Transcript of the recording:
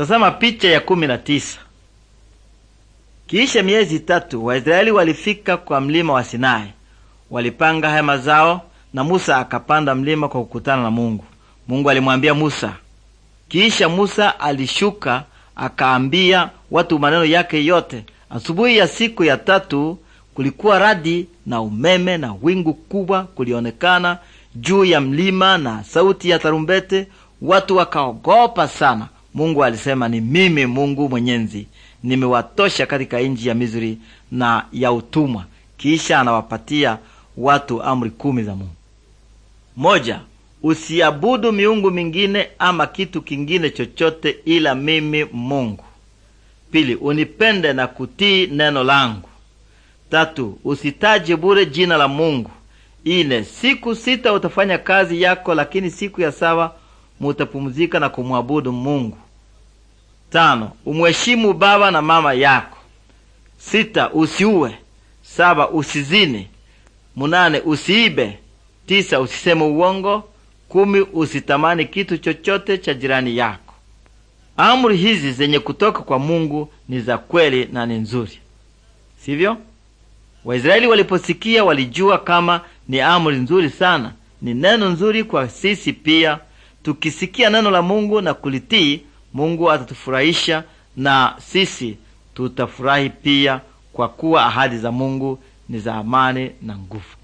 Tazama picha ya kumi na tisa. Kisha miezi tatu Waisraeli walifika kwa mlima wa Sinai, walipanga hema zao, na Musa akapanda mlima kwa kukutana na Mungu. Mungu alimwambia Musa. Kisha Musa alishuka akaambia watu maneno yake yote. Asubuhi ya siku ya tatu kulikuwa radi na umeme na wingu kubwa kulionekana juu ya mlima na sauti ya tarumbete. Watu wakaogopa sana. Mungu alisema, ni mimi Mungu mwenyezi, nimewatosha katika nchi ya Misri na ya utumwa. Kisha anawapatia watu amri kumi za Mungu. Moja, usiabudu miungu mingine ama kitu kingine chochote ila mimi Mungu. Pili, unipende na kutii neno langu. Tatu, usitaje bure jina la Mungu. Ine, siku sita utafanya kazi yako, lakini siku ya saba mutapumzika na kumwabudu Mungu. Tano, umheshimu baba na mama yako. Sita, usiue. Saba, usizini. Munane, usiibe. Tisa, usiseme uongo. Kumi, usitamani kitu chochote cha jirani yako. Amri hizi zenye kutoka kwa Mungu ni za kweli na ni nzuri, sivyo? Waisraeli waliposikia walijua kama ni amri nzuri sana, ni neno nzuri kwa sisi pia tukisikia neno la Mungu na kulitii, Mungu atatufurahisha na sisi tutafurahi pia, kwa kuwa ahadi za Mungu ni za amani na nguvu.